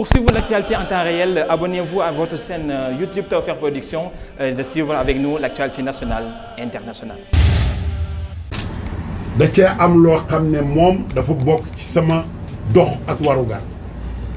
Pour suivre l'actualité en temps réel, abonnez-vous à votre chaîne euh, YouTube Tawfekh Production euh, et de suivre avec nous l'actualité nationale et internationale. da cee am loo xam ne moom dafa bokk ci sama dox ak warugar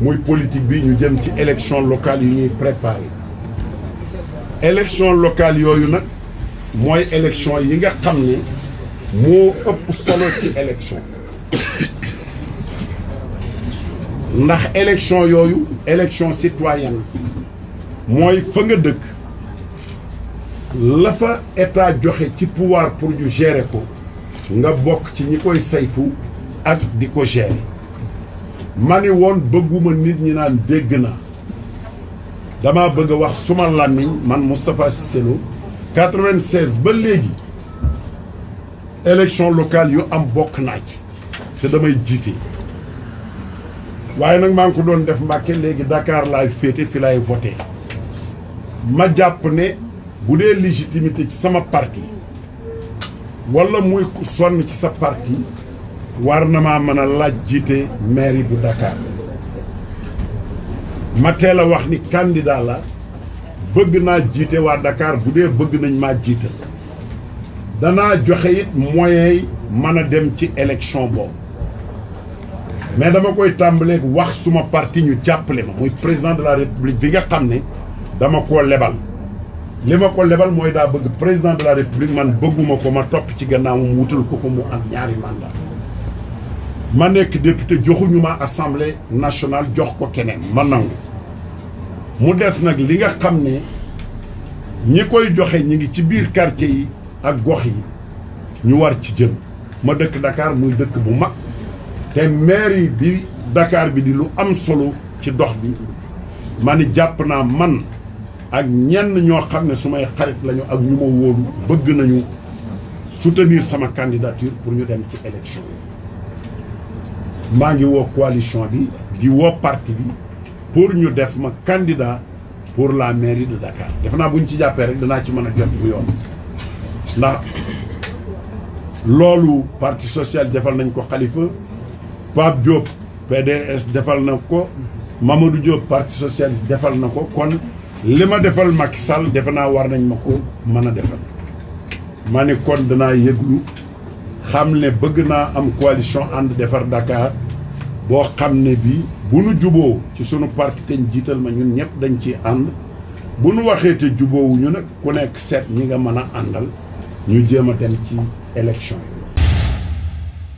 muy politique bi ñu jëm ci élection locale yu ñuy préparé élection locale yooyu nag mooy élection yi nga xam ne moo ëpp solo ci élection ndax élection yooyu élection citoyenne mooy fa nga dëkk lafa fa état joxe ci pouvoir pour ñu gérer ko nga bokk ci ñi koy saytu ak di ko gérer ma ni woon bëgguma nit ñi naan dégg na dama bëgg a wax suma làmmiñ man Moustapha Cissé Lo 96 ba léegi élection locale yu am bokk naa ci te damay jiite waaye nag maa ngi ko doon def Mbàkke léegi Dakar laay féete fi laay voté ma jàpp ne bu dee légitimité ci sama parti wala muy sonn ci sa parti war na maa mën a laaj jiite mairie bu Dakar ma teel a wax ni candidat la bëgg naa jiite waa Dakar bu dee bëgg nañ maa jiite danaa joxe it moyen yi mën a dem ci élection boobu mais dama koy tàmbaleeg wax suma parti ñu jàppale ma muy président de la république bi nga xam ne dama koo lebal li ma ko lebal mooy daa bëgg président de la république man bëgguma ko ma topp ci gannaawam wutal ko ko mu am ñaari mandat ma nekk député joxuñu ma assemblée nationale jox ko keneen ma nangu mu des nag li nga xam ne ñi koy joxe ñi ngi ci biir quartier yi ak gox yi ñu war ci jëm ma dëkk Dakar muy dëkk bu mag te mairie bi Dakar bi di lu am solo ci dox bi ma ni jàpp naa man ak ñenn ñoo xam ne sumay xarit lañu ak ñu ma wóolu bëgg nañu soutenir sama candidature pour ñu dem ci élection maa ngi woo coalition bi di woo pour ñu def ma candidat pour la mairie de Dakar def naa bu ñu ci jàppee rek danaa ci mën a jot bu yoon ndax loolu parti social defal nañ ko xalifa Pape Diop PDS defal na ko Mamadou Diop parti socialiste defal na ko kon li ma defal Macky Sall defe naa war nañ ma ko mën a defal ma ne kon danaa yëglu xam ne bëgg naa am coalition ànd defar dakaar boo xam ne bii bu nu juboo ci sunu parti te jiital ma ñun ñëpp dañ ciy ànd bu nu waxee te juboowu ñu nag ku nekk seet ñi nga mën a àndal ñu jéem a dem ci élection yi